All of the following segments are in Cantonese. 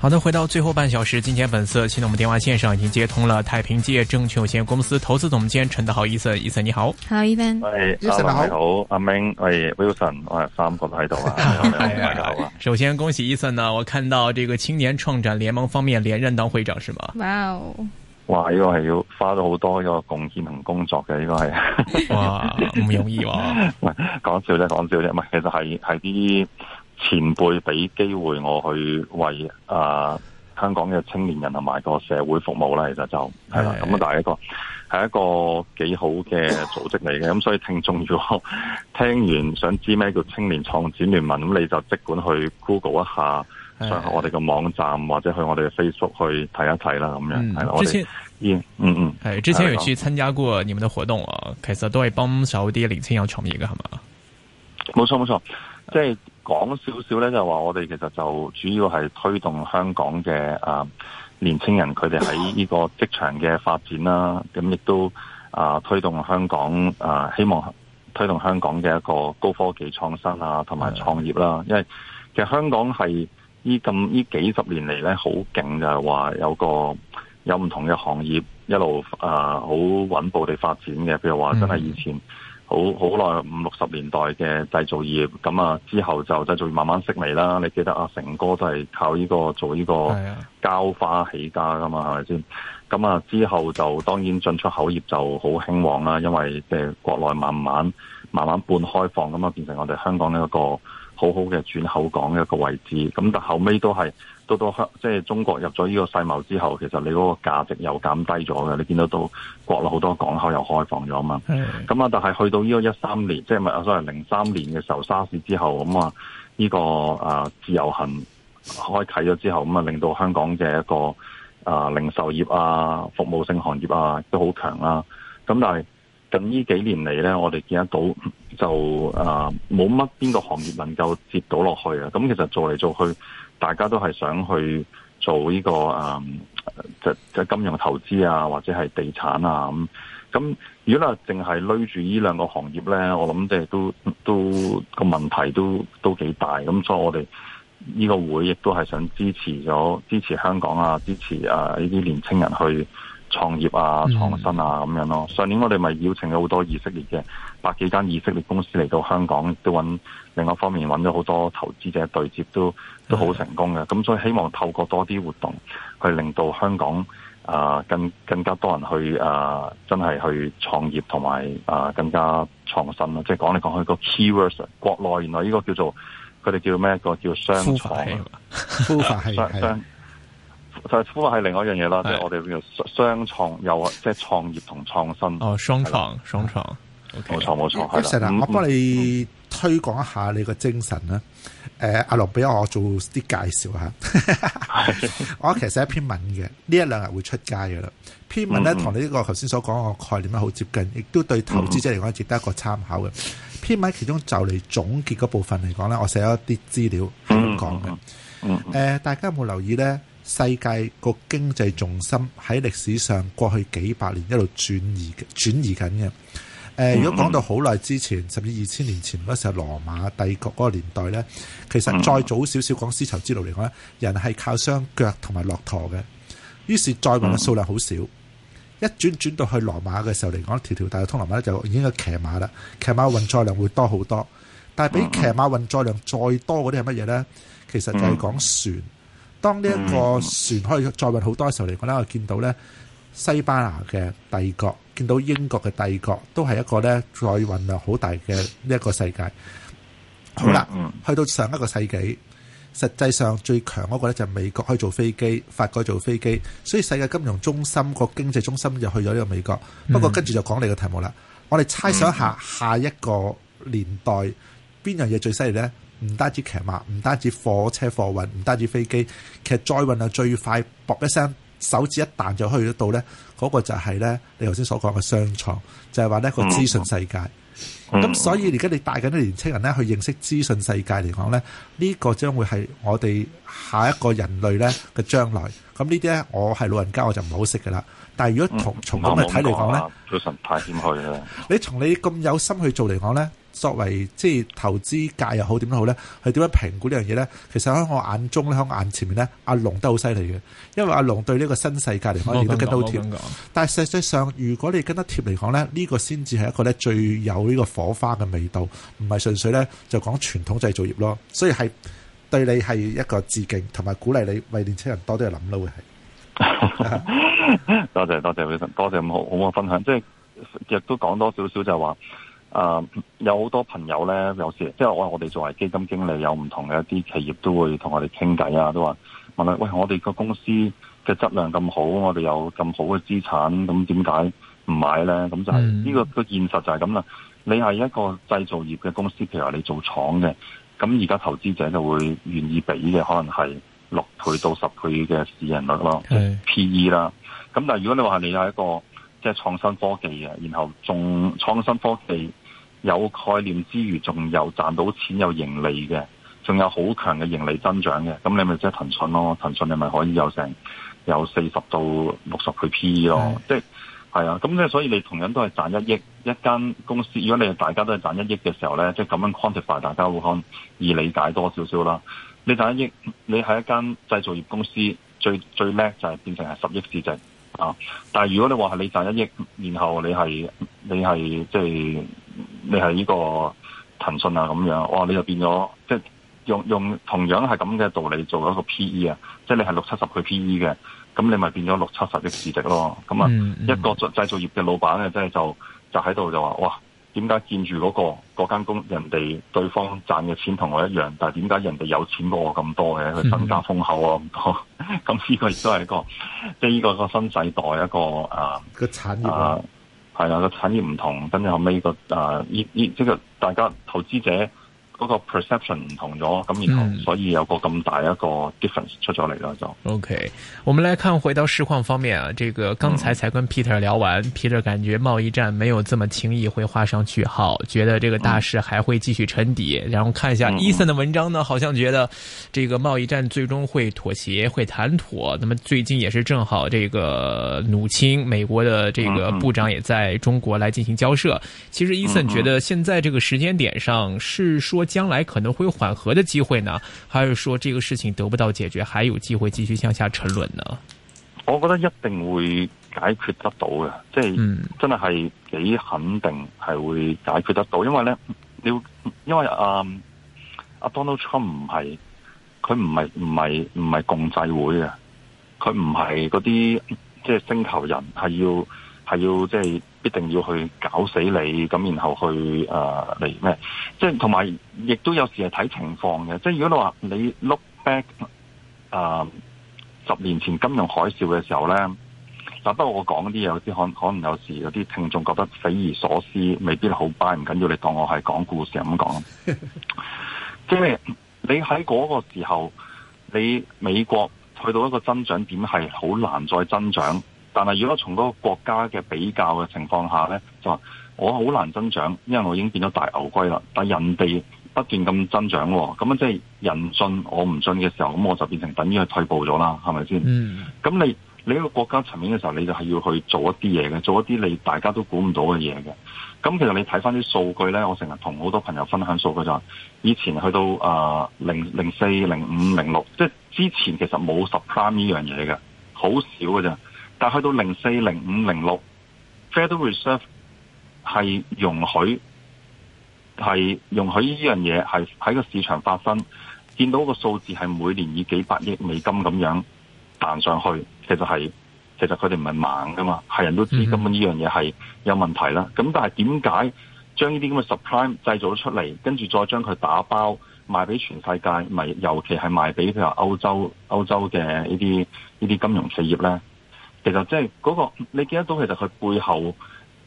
好的，回到最後半小時，今天本色。現在我們電話線上已經接通了太平界證券有限公司投資總監陳德豪 Eason，Eason、e e、你好。Hello，Eason。哎，阿明你好，阿明，喂，Wilson，我係三個喺度啊，首先恭喜伊、e、森呢，我看到這個青年創展聯盟方面連任當會長是嗎？哇哦 Wow，哇，呢個係要花咗好多，這個貢獻同工作嘅，呢、這個係， 哇，唔容易哇、啊。 講笑啫，講笑啫，唔係，其實係係啲。是前輩俾機會我去為啊、呃、香港嘅青年人同埋個社會服務啦，其實就係啦。咁啊的，就係一個係一個幾好嘅組織嚟嘅咁 所以聽眾如果聽完想知咩叫青年創展聯盟，咁你就即管去 Google 一下，的上我哋嘅網站或者去我哋嘅 Facebook 去睇一睇啦。咁樣係咯。嗯、我之前嗯嗯誒，嗯之前有去參加過你們嘅活動啊，其實都係幫手啲年輕有創意嘅係嘛？冇錯冇錯，即係說。講少少咧，說就話我哋其實就主要係推動香港嘅啊年青人，佢哋喺呢個職場嘅發展啦。咁、啊、亦都啊推動香港啊，希望推動香港嘅一個高科技創新啊，同埋創業啦、啊。因為其實香港係呢咁呢幾十年嚟咧，好勁就係話有個有唔同嘅行業一路啊好穩步地發展嘅。譬如話真係以前。嗯好好耐五六十年代嘅製造業，咁啊之後就製造業慢慢式微啦。你記得啊，成哥都係靠呢個做呢個膠花起家噶嘛，係咪先？咁啊之後就當然進出口業就好興旺啦，因為國內慢慢慢慢半開放，咁啊變成我哋香港一個好好嘅轉口港一個位置。咁但後尾都係。到到即係中國入咗呢個世貿之後，其實你嗰個價值又減低咗嘅。你見到到國內好多港口又開放咗嘛？咁啊的，但係去到呢個一三年，即係咪啊，所謂零三年嘅時候，沙士之後，咁、嗯這個、啊呢個啊自由行開啟咗之後，咁、嗯、啊令到香港嘅一個啊零售業啊服務性行業啊都好強啦、啊。咁、嗯、但係近呢幾年嚟咧，我哋見得到就啊冇乜邊個行業能夠接到落去啊。咁、嗯、其實做嚟做去。大家都係想去做呢、呢個誒，即、嗯、即金融投資啊，或者係地產啊咁。咁如果話淨係累住呢兩個行業咧，我諗即係都都個問題都都幾大。咁所以我哋呢個會亦都係想支持咗，支持香港啊，支持啊呢啲年青人去。創業啊、創新啊咁樣咯。上年我哋咪邀請咗好多以色列嘅百幾間以色列公司嚟到香港，都揾另外一方面揾咗好多投資者對接，都都好成功嘅。咁所以希望透過多啲活動，去令到香港啊、呃、更更加多人去啊、呃，真係去創業同埋啊更加創新咯。即係講嚟講去、個 keywords 國內原來呢個叫做佢哋叫咩一個叫雙創，就係孵係另外一樣嘢啦，即係我哋叫做雙創，又或即係創業同創新。哦，雙創，雙創，冇錯冇錯。我幫你推廣一下你個精神啦。誒，阿龍，俾我做啲介紹下，我其實寫一篇文嘅，呢一兩日會出街噶啦。篇文咧，同你呢個頭先所講個概念咧，好接近，亦都對投資者嚟講，值得一個參考嘅。篇文其中就嚟總結嗰部分嚟講咧，我寫咗一啲資料係咁講嘅。誒，大家有冇留意咧？世界個經濟重心喺歷史上，過去幾百年一路轉移嘅轉移緊嘅。誒、呃，如果講到好耐之前，甚至二千年前嗰時候羅馬帝國嗰個年代呢，其實再早少少講絲綢之路嚟講呢，人係靠雙腳同埋駱駝嘅。於是載運嘅數量好少。一轉轉到去羅馬嘅時候嚟講，條條大路通羅馬就已經係騎馬啦。騎馬運載量會多好多。但係比騎馬運載量再多嗰啲係乜嘢呢？其實就係講船。當呢一個船可以載運好多時候嚟講呢，我見到呢，西班牙嘅帝國，見到英國嘅帝國，都係一個呢載運量好大嘅呢一個世界。好啦，去到上一個世紀，實際上最強嗰個呢，就係美國可以做飛機，法國做飛機，所以世界金融中心個經濟中心就去咗呢個美國。不過跟住就講你個題目啦，我哋猜想一下下一個年代邊樣嘢最犀利呢？唔單止騎馬，唔單止火車貨運，唔單止飛機，其實載運啊，最快噚一聲手指一彈就去到呢嗰、那個就係、是、呢，你頭先所講嘅商創，就係話呢個個資訊世界。咁、嗯嗯、所以而家你帶緊啲年青人呢去認識資訊世界嚟講呢，呢個將會係我哋下一個人類呢嘅將來。咁呢啲呢，我係老人家我就唔好識㗎喇。但係如果從從咁嘅睇嚟講呢，嗯嗯嗯、你從你咁有心去做嚟講呢。作為即係投資界又好點都好咧，係點樣評估這件事呢樣嘢咧？其實喺我眼中咧，喺眼前面咧，阿龍都好犀利嘅。因為阿龍對呢個新世界嚟講，認真、哦、跟得好貼。哦嗯、但係實際上，如果你跟得貼嚟講咧，呢、呢個先至係一個咧最有呢個火花嘅味道，唔係純粹咧就講傳統製造業咯。所以係對你係一個致敬，同埋鼓勵你為年青人多啲去諗咯。會係多謝多謝，多謝咁好，好我分享，即係亦都講多少少就係、是、話。誒、呃，有好多朋友咧，有時即係、就是、我我哋作為基金經理，有唔同嘅一啲企業都會同我哋傾偈啊，都話問啦，喂，我哋個公司嘅質量咁好，我哋有咁好嘅資產，咁點解唔買咧？咁就係、是、呢、這個個現實就係咁啦。你係一個製造業嘅公司，譬如話你做廠嘅，咁而家投資者就會願意俾嘅，可能係六倍到十倍嘅市盈率咯，PE 啦。咁但係如果你話你係一個。即係創新科技嘅，然後仲創新科技有概念之餘，仲有賺到錢，有盈利嘅，仲有好強嘅盈利增長嘅，咁你咪即係騰訊咯。騰訊你咪可以有成有四十到六十倍 PE 咯。是即係係啊，咁即係所以你同樣都係賺一億一間公司。如果你大家都係賺一億嘅時候呢，即係咁樣 quantify，大家會可能易理解多少少啦。你賺一億，你喺一間製造業公司，最最叻就係變成係十億市值。啊！但係如果你話係你賺一億，然後你係你係即係你係呢個騰訊啊咁樣，哇！你就變咗即係用用同樣係咁嘅道理做一個 P E 啊，即係你係六七十倍 P E 嘅，咁你咪變咗六七十億市值咯。咁啊，一個製造業嘅老闆咧，即係就就喺度就話哇！點解見住嗰、嗰個嗰間工人哋對方賺嘅錢同我一樣，但係點解人哋有錢過我咁多嘅？佢身家豐厚啊咁多，咁 呢個亦都係一個，即係呢個個新世代一個啊啊，係啦，個產業唔、啊啊啊、同，跟住後尾、嗰個啊呢呢，即係、就是、大家投資者。嗰個 perception 唔同咗，咁然後，所以有個咁大一個 difference 出咗嚟啦，就 OK。我們來看回到市況方面啊，這個剛才才跟 Peter 聊完、嗯、，Peter 感覺貿易戰沒有這麼輕易會畫上句號，覺得這個大勢還會繼續沉底。嗯、然後看一下 Eason 的文章呢，嗯、好像覺得這個貿易戰最終會妥協，會談妥。那麼最近也是正好，這個努欽美國的這個部長也在中國來進行交涉。嗯嗯、其實 Eason 覺得現在這個時間點上是說。將來可能會緩和嘅機會呢？還是說這個事情得不到解決，還有機會繼續向下沉淪呢？我覺得一定會解決得到嘅，即係真係係幾肯定係會解決得到，因為呢咧，因為、嗯、啊，阿、啊、Donald Trump 唔係，佢唔係唔係唔係共濟會嘅，佢唔係嗰啲即係星球人，係要係要即係。必定要去搞死你，咁然後去誒嚟咩？即係同埋，亦都有時係睇情況嘅。即係如果你話你 look back 誒、呃、十年前金融海嘯嘅時候呢，嗱，不過我講啲嘢有啲可可能有時有啲聽眾覺得匪夷所思，未必好 buy 唔緊要，你當我係講故事咁講。即係你喺嗰個時候，你美國去到一個增長點係好難再增長。但係，如果從嗰個國家嘅比較嘅情況下咧，就話我好難增長，因為我已經變咗大牛龜啦。但係人哋不斷咁增長、哦，咁啊，即係人進我唔進嘅時候，咁我就變成等於係退步咗啦，係咪先？咁、嗯、你你一個國家層面嘅時候，你就係要去做一啲嘢嘅，做一啲你大家都估唔到嘅嘢嘅。咁其實你睇翻啲數據咧，我成日同好多朋友分享數據就係、是、以前去到啊零零四零五零六，即、呃、係之前其實冇 surprise 呢樣嘢嘅，好少嘅咋。但去到零四、零五、零六 Federal Reserve 係容許係容許呢樣嘢，係喺個市場發生，見到個數字係每年以幾百億美金咁樣彈上去，其實係其實佢哋唔係盲噶嘛，係人都知道根本呢樣嘢係有問題啦。咁但係點解將呢啲咁嘅 supply 製造咗出嚟，跟住再將佢打包賣俾全世界，咪尤其係賣俾譬如歐洲歐洲嘅呢啲呢啲金融企業咧？其實即係嗰個你見得到，其實佢背後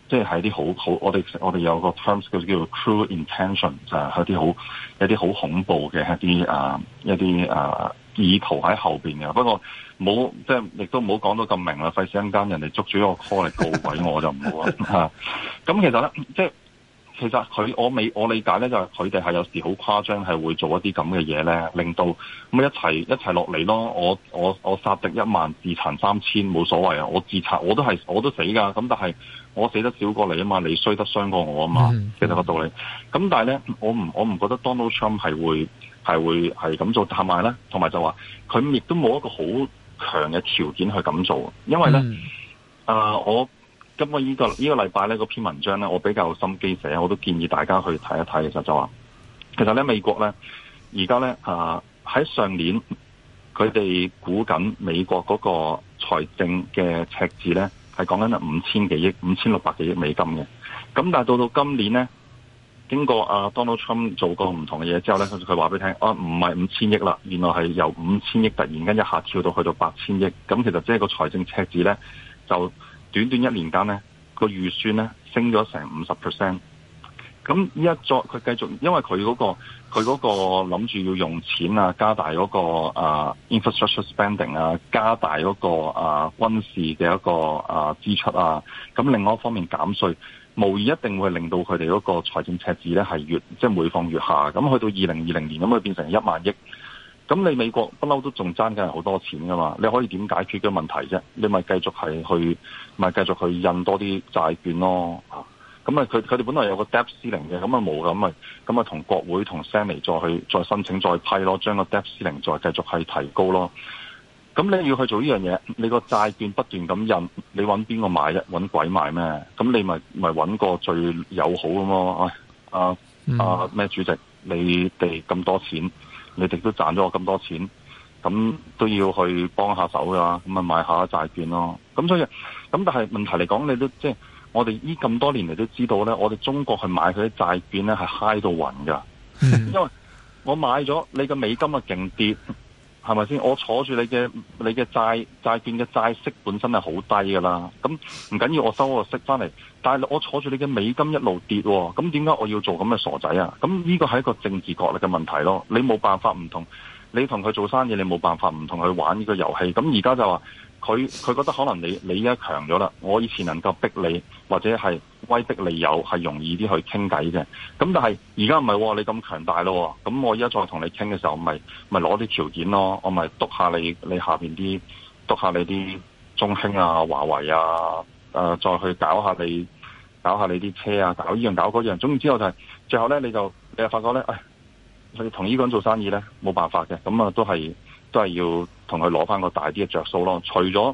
即係喺啲好好，我哋我哋有個 terms 叫叫做 cruel intention，就係有啲好有啲好恐怖嘅一啲啊一啲啊意圖喺後邊嘅。不過冇即係亦都冇講到咁明啦，費事間人哋捉住一個 call 嚟，告鬼我就唔好啦。吓、啊，咁其實咧即係。其實佢我未我理解咧，就係佢哋係有時好誇張，係會做一啲咁嘅嘢咧，令到咁一齊一齊落嚟咯。我我我殺敵一萬，自殘三千，冇所謂啊！我自殘我都係我都死噶，咁但係我死得少過你啊嘛，你衰得傷過我啊嘛，其實個道理。咁、嗯、但係咧，我唔我唔覺得 Donald Trump 係會係會係咁做，同埋咧，同埋就話佢亦都冇一個好強嘅條件去咁做，因為咧，誒、嗯呃、我。咁我、這個這個、呢個呢個禮拜呢個篇文章呢，我比較有心機寫，我都建議大家去睇一睇嘅就就話，其實呢美國呢，而家呢，啊喺上年佢哋估緊美國嗰個財政嘅赤字呢，係講緊五千幾億、五千六百幾億美金嘅。咁但係到到今年呢，經過阿 Donald Trump 做過唔同嘅嘢之後呢，佢話俾你聽，啊唔係五千億啦，原來係由五千億突然間一下跳到去到八千億，咁其實即係個財政赤字呢，就。短短一年間咧，個預算咧升咗成五十 percent。咁依家再佢繼續，因為佢嗰、那個佢嗰個諗住要用錢啊，加大嗰、那個啊、uh, infrastructure spending 啊，加大嗰、那個啊、uh, 軍事嘅一個啊、uh, 支出啊。咁另外一方面減稅，無疑一定會令到佢哋嗰個財政赤字咧係越即係、就是、每況越下。咁去到二零二零年咁，佢變成一萬億。咁你美國不嬲都仲爭緊好多錢噶嘛？你可以點解決嘅問題啫？你咪繼續係去，咪繼續去印多啲債券咯咁啊，佢佢哋本來有個 debt ceiling 嘅，咁啊冇咁咪，咁咪同國會同 Senate 再去再申請再批咯，將個 debt ceiling 再繼續係提高咯。咁你要去做呢樣嘢，你個債券不斷咁印，你搵邊個買啫？揾鬼買咩？咁你咪咪揾個最友好咁咯。哎、啊啊咩主席？你哋咁多錢？你哋都賺咗我咁多錢，咁都要去幫下手噶，咁咪買一下債券咯。咁所以，咁但係問題嚟講，你都即係、就是、我哋依咁多年嚟都知道咧，我哋中國去買佢啲債券咧係嗨到暈噶，嗯、因為我買咗你嘅美金就勁跌。係咪先？我坐住你嘅你嘅債債券嘅債息本身係好低噶啦，咁唔緊要，我收我息翻嚟。但係我坐住你嘅美金一路跌喎，咁點解我要做咁嘅傻仔啊？咁呢個係一個政治角力嘅問題咯，你冇辦法唔同，你同佢做生意，你冇辦法唔同佢玩呢個遊戲。咁而家就話。佢佢覺得可能你你依家強咗啦，我以前能夠逼你或者係威逼利誘，有係容易啲去傾偈嘅。咁但係而家唔係喎，你咁強大咯，咁我依家再同你傾嘅時候，咪咪攞啲條件咯，我咪督下你你下邊啲督下你啲中興啊、華為啊，啊再去搞下你搞下你啲車啊，搞呢樣搞嗰樣，總然之我就係、是、最後咧，你就你又發覺咧，誒佢同呢個人做生意咧冇辦法嘅，咁啊都係。都係要同佢攞翻個大啲嘅着數咯。除咗，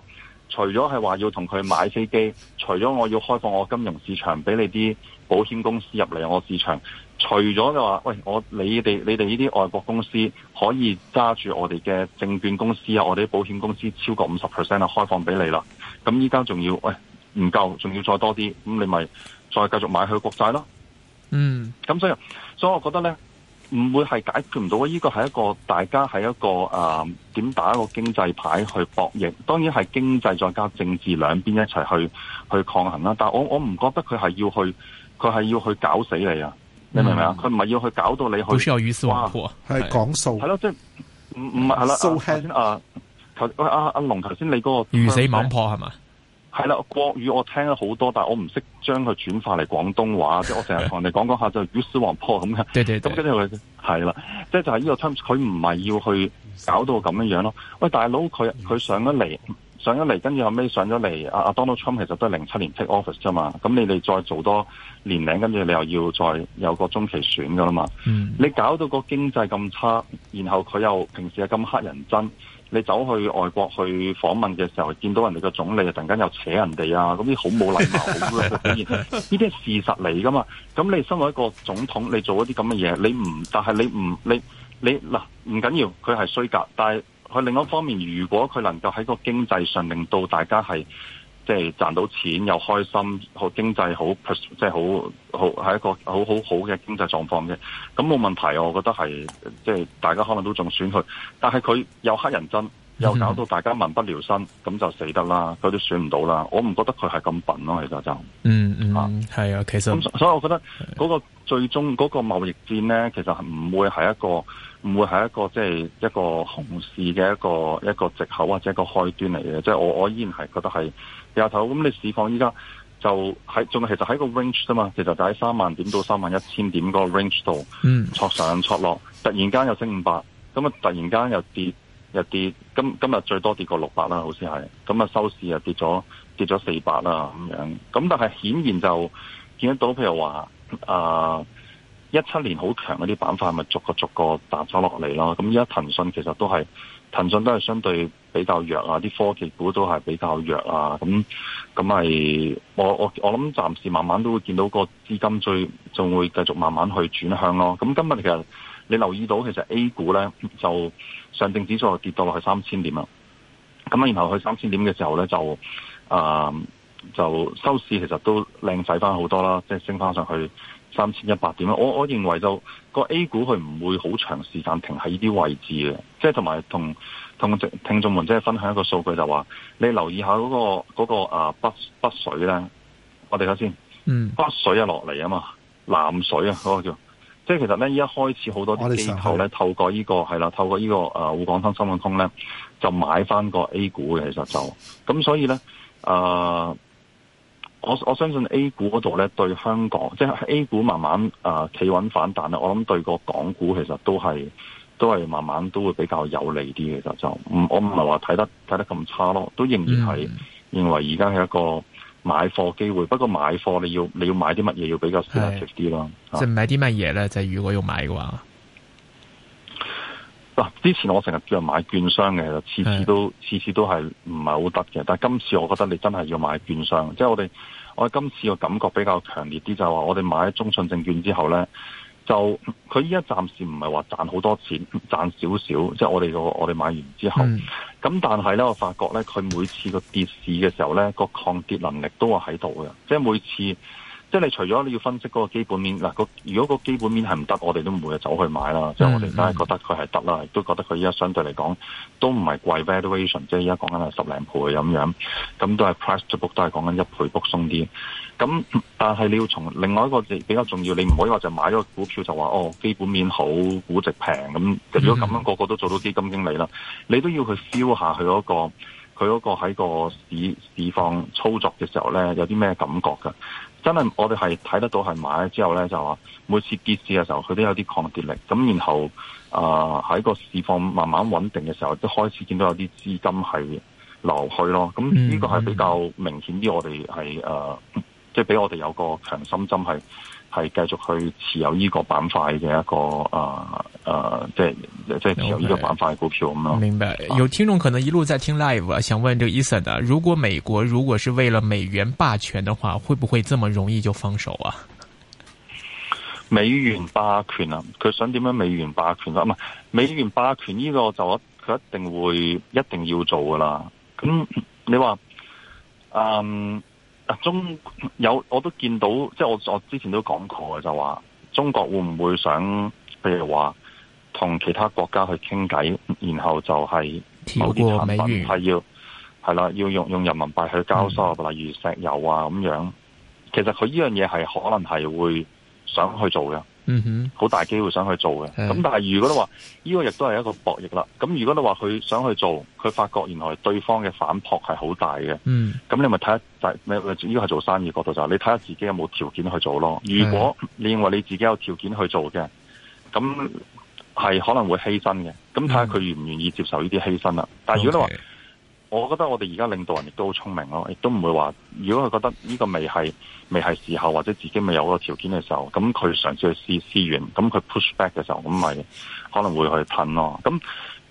除咗係話要同佢買飛機，除咗我要開放我金融市場俾你啲保險公司入嚟我市場，除咗就話喂，我你哋你哋呢啲外國公司可以揸住我哋嘅證券公司啊，我哋啲保險公司超過五十 percent 啊，開放俾你啦。咁依家仲要喂，唔夠，仲要再多啲，咁你咪再繼續買佢國債咯。嗯，咁所以，所以我覺得呢。唔會係解決唔到啊！呢個係一個大家係一個誒點、呃、打一個經濟牌去博弈，當然係經濟再加政治兩邊一齊去去抗衡啦。但係我我唔覺得佢係要去，佢係要去搞死你啊！你、嗯、明唔明啊？佢唔係要去搞到你去哇係、啊、講數係咯，即係唔唔係係啦。頭先阿阿阿龍頭先你嗰、嗰個魚死網破係嘛？係啦，國語我聽咗好多，但我唔識將佢轉化嚟廣東話， 即係我成日同人哋講講下就如、是、絲王坡咁樣。咁跟住佢係啦，即係就係、是、呢、就是、個 Trump 佢唔係要去搞到咁樣樣咯。喂，大佬，佢佢上咗嚟上咗嚟，跟住後尾上咗嚟，啊阿 Donald Trump 其實都係零七年 take office 啫嘛。咁你哋再做多年零，跟住你又要再有個中期選噶啦嘛。嗯、你搞到個經濟咁差，然後佢又平時係咁乞人憎。你走去外國去訪問嘅時候，見到人哋個總理啊，突然間又扯人哋啊，咁啲好冇禮貌。當然，呢啲係事實嚟噶嘛。咁你身為一個總統，你做一啲咁嘅嘢，你唔，但係你唔，你你嗱，唔緊要，佢係衰格。但係佢另一方面，如果佢能夠喺個經濟上令到大家係。即係賺到錢又開心，好經濟，就是，好，即係好好係一個好好好嘅經濟狀況嘅，咁冇問題。我覺得係即係大家可能都仲選佢，但係佢又黑人憎，又搞到大家民不聊生，咁、嗯、哼就死得啦，佢都選唔到啦。我唔覺得佢係咁笨咯，嗯嗯啊，其實就嗯嗯係啊，其實咁所以我覺得嗰的個最終嗰，嗰個貿易戰咧，其實唔會係一個。唔會係一個即係一個熊市嘅一個一個藉口或者一個開端嚟嘅，即係我我依然係覺得係。下頭頭咁，你市況依家就喺仲係，其實喺個 range 啫嘛，其實就喺三萬點到三萬一千點嗰個 range 度，戳上戳落，嗯，突然間又升五百，咁啊突然間又跌又跌，今今日最多跌過六百啦，好似係，咁啊收市又跌咗跌咗四百啦咁樣，咁但係顯然就見得到，譬如話啊。呃一七年好強嗰啲板塊，咪逐個逐個彈咗落嚟咯。咁依家騰訊其實都係，騰訊都係相對比較弱啊，啲科技股都係比較弱啊。咁咁係，我我我諗暫時慢慢都會見到個資金最，仲會繼續慢慢去轉向咯。咁今日其實你留意到，其實 A 股咧就上證指數跌到落去三千點啦。咁啊，然後去三千點嘅時候咧，就、呃、就收市其實都靚仔翻好多啦，即係升翻上去。三千一百點，我我認為就個 A 股佢唔會好長時間停喺呢啲位置嘅，即係同埋同同聽聽眾們即係分享一個數據就話，你留意下嗰個嗰個啊北北水咧，我哋睇先，北水一落嚟啊嘛，南水啊嗰個叫，即係其實咧依一開始好多啲機構咧透過呢個係啦，透過呢個誒滬港通、深港通咧，就買翻個 A 股嘅，其實就咁，所以咧誒。啊我我相信 A 股嗰度咧，對香港即係、就是、A 股慢慢啊企穩反彈啦。我諗對個港股其實都係都係慢慢都會比較有利啲嘅。就就唔我唔係話睇得睇得咁差咯，都仍然係認為而家係一個買貨機會。不過買貨你要你要買啲乜嘢要比較 selective 啲啦。即係是買啲乜嘢咧？就係如果要買嘅話。嗱，之前我成日叫人買券商嘅，次次都次的次都係唔係好得嘅。但係今次我覺得你真係要買券商，即係我哋我哋今次個感覺比較強烈啲，就係、是、話我哋買咗中信證券之後呢，就佢依家暫時唔係話賺好多錢，賺少少。即係我哋個我哋買完之後，咁的但係呢，我發覺呢，佢每次個跌市嘅時候呢，個抗跌能力都係喺度嘅，即係每次。即係你除咗你要分析嗰個基本面嗱，個如果個基本面係唔得，我哋都唔會走去買啦。即係、mm hmm. 我哋都係覺得佢係得啦，亦都覺得佢依家相對嚟講都唔係貴 valuation，即係依家講緊係十零倍咁樣，咁都係 price to book 都係講緊一倍 book 鬆啲。咁但係你要從另外一個比較重要，你唔可以話就買咗個股票就話哦基本面好，估值平咁。如果咁樣個、mm hmm. 個都做到基金經理啦，你都要去 feel 下佢嗰、個佢嗰個喺個市市況操作嘅時候咧，有啲咩感覺㗎？真係我哋係睇得到係買咗之後咧，就話每次跌市嘅時候，佢都有啲抗跌力。咁然後啊，喺、呃、個市況慢慢穩定嘅時候，都開始見到有啲資金係流去咯。咁呢個係比較明顯啲，呃就是、我哋係誒，即係俾我哋有個強心針係。係繼續去持有呢個板塊嘅一個誒誒、呃呃，即係即係持有呢個板塊嘅股票咁咯。Okay. 樣明白。有聽眾可能一路在聽 Live，想問這個 Eason 啊，如果美國如果是為了美元霸權的話，會不會這麼容易就放手啊？美元霸權啊，佢想點樣美元霸權啊？唔係美元霸權呢個就一佢一定會一定要做噶啦。咁你話，嗯。啊，中有我都見到，即係我我之前都講過嘅，就話中國會唔會想，譬如話同其他國家去傾偈，然後就係某啲產品係要係啦，要用用人民幣去交收，嗯、例如石油啊咁樣。其實佢呢樣嘢係可能係會想去做嘅。嗯哼，好、mm hmm. 大機會想去做嘅，咁的但係如果你話呢個亦都係一個博弈啦。咁如果你話佢想去做，佢發覺原來對方嘅反撲係好大嘅。嗯、mm，咁、hmm. 你咪睇下大咩？係做生意角度就係、是、你睇下自己有冇條件去做咯。的如果你認為你自己有條件去做嘅，咁係可能會犧牲嘅。咁睇下佢願唔願意接受呢啲犧牲啦。Mm hmm. 但係如果你話，okay. 我覺得我哋而家領導人亦都好聰明咯，亦都唔會話，如果佢覺得呢個未係未係時候，或者自己未有嗰個條件嘅時候，咁佢嘗試去試試完，咁佢 push back 嘅時候，咁咪可能會去噴咯。咁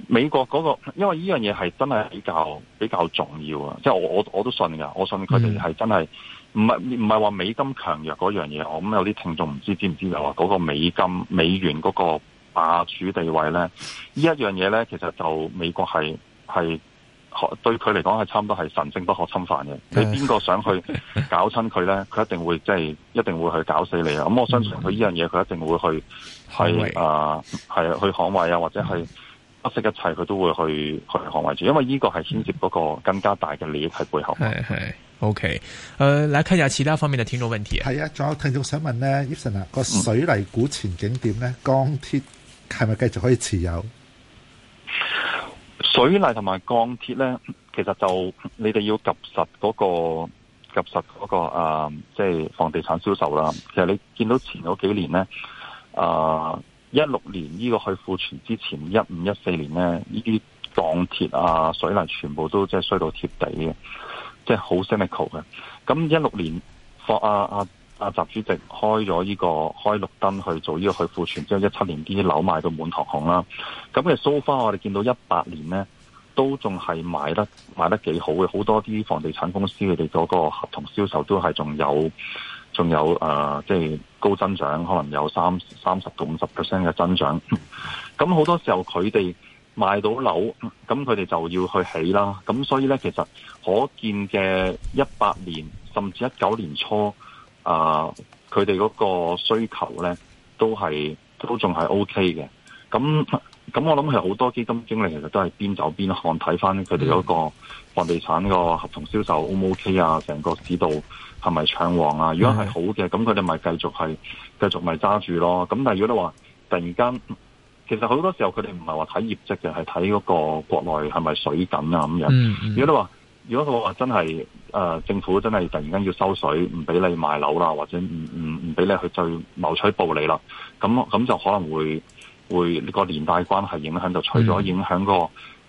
美國嗰個，因為呢樣嘢係真係比較比較重要啊，即係我我我都信噶，我信佢哋係真係唔係唔係話美金強弱嗰樣嘢。我咁有啲聽眾唔知知唔知就話嗰個美金美元嗰個霸主地位咧，呢一樣嘢咧，其實就美國係係。對佢嚟講係差唔多係神聖不可侵犯嘅，呃、你邊個想去搞親佢咧？佢、呃、一定會即係，一定會去搞死你啊！咁、嗯、我相信佢呢樣嘢，佢一定會去去捍衛啊，係去捍衛啊，或者係不惜一切，佢都會去去捍衛住，因為呢個係牽涉嗰個更加大嘅利益喺背後。係係，OK，誒、呃，來看下其他方面嘅聽眾問題啊。係啊，仲有聽眾想問咧，Yves 啊，個水泥股前景點咧？鋼鐵係咪繼續可以持有？水泥同埋鋼鐵呢，其實就你哋要及實嗰個，及實嗰個啊，即係房地產銷售啦。其實你見到前嗰幾年呢，啊一六年呢個去庫存之前，一五一四年呢，呢啲鋼鐵啊、水泥全部都即係衰到貼地嘅，即係好 structural 嘅。咁一六年，阿、啊、阿。阿習主席開咗呢個開綠燈去做呢個去庫存，之後一七年啲樓賣到滿堂紅啦。咁嘅 so far，我哋見到一八年咧都仲係賣得賣得幾好嘅，好多啲房地產公司佢哋嗰個合同銷售都係仲有仲有，誒，即係高增長，可能有三三十到五十 percent 嘅增長。咁好多時候佢哋賣到樓，咁佢哋就要去起啦。咁所以咧，其實可見嘅一八年甚至一九年初。啊！佢哋嗰個需求咧，都係都仲係 O K 嘅。咁咁，咁我諗係好多基金經理其實都係邊走邊看，睇翻佢哋嗰個房地產個合同銷售 O 唔 O K 啊？成個市道係咪暢旺啊？如果係好嘅，咁佢哋咪繼續係繼續咪揸住咯。咁但係如果你話突然間，其實好多時候佢哋唔係話睇業績嘅，係睇嗰個國內係咪水緊啊咁樣。Mm hmm. 如果你話，如果佢話真係誒、呃、政府真係突然間要收水，唔俾你賣樓啦，或者唔唔唔俾你去再牟取暴利啦，咁咁就可能會會呢個連帶關係影響就除咗影響個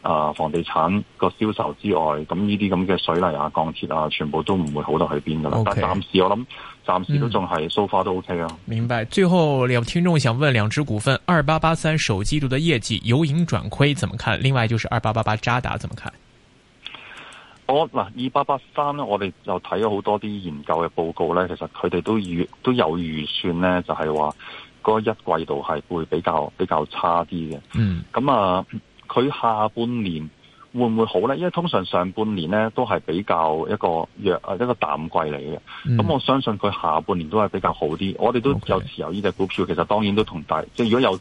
啊、呃、房地產個銷售之外，咁呢啲咁嘅水泥啊鋼鐵啊，全部都唔會好到去邊噶啦。Okay. 但暫暫時我諗暫時都仲係、嗯、so far 都 OK 啊。明白。最後兩聽眾想問兩隻股份：二八八三首季度的業績由盈轉虧，怎麼看？另外就是二八八八渣打，怎麼看？我嗱二八八三咧，我哋就睇咗好多啲研究嘅報告咧，其實佢哋都預都有預算咧，就係話嗰一季度係會比較比較差啲嘅。嗯，咁啊，佢下半年會唔會好咧？因為通常上半年咧都係比較一個弱啊一個淡季嚟嘅。咁、嗯、我相信佢下半年都係比較好啲。我哋都有持有呢隻股票，其實當然都同大即係如果有。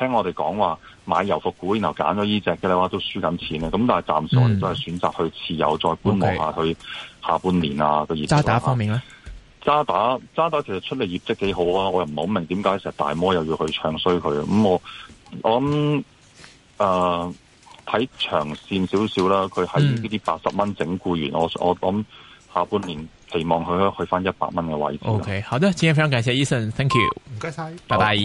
聽我哋講話買油服股，然後揀咗呢隻嘅話都輸緊錢啊！咁但係暫時我哋都係選擇去持有，嗯、再觀望下 Okay. 去下半年啊個業績，渣打方面咧，渣打渣打其實出嚟業績幾好啊！我又唔係好明點解成日大摩又要去唱衰佢，咁、嗯、我我諗誒，睇、呃、長線少少啦，佢喺呢啲八十蚊整固完，嗯、我我諗下半年期望佢去翻一百蚊嘅位置。O、okay. K，好的，今天非常感謝、Eason，Thank you，唔該晒，拜拜。